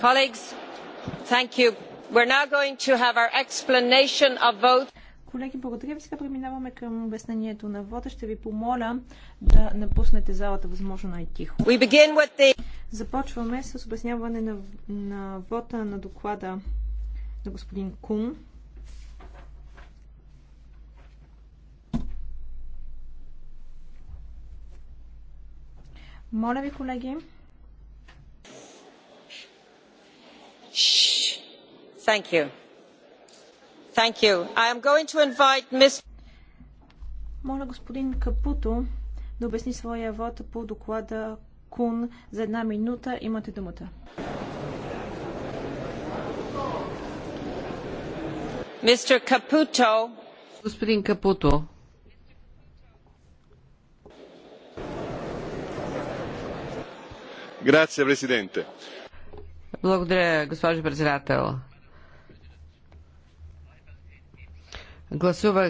Колеги, благодаря ви. Сега преминаваме към обяснението на вода. Ще ви помоля да напуснете залата възможно най-тихо. The... Започваме с обясняване на, на вода на доклада на господин Кун. Моля ви, колеги, Моля господин Капуто да обясни своя вод по доклада Кун за една минута. Имате думата. Капуто. Господин Капуто. Благодаря, госпожо председател. Гласувах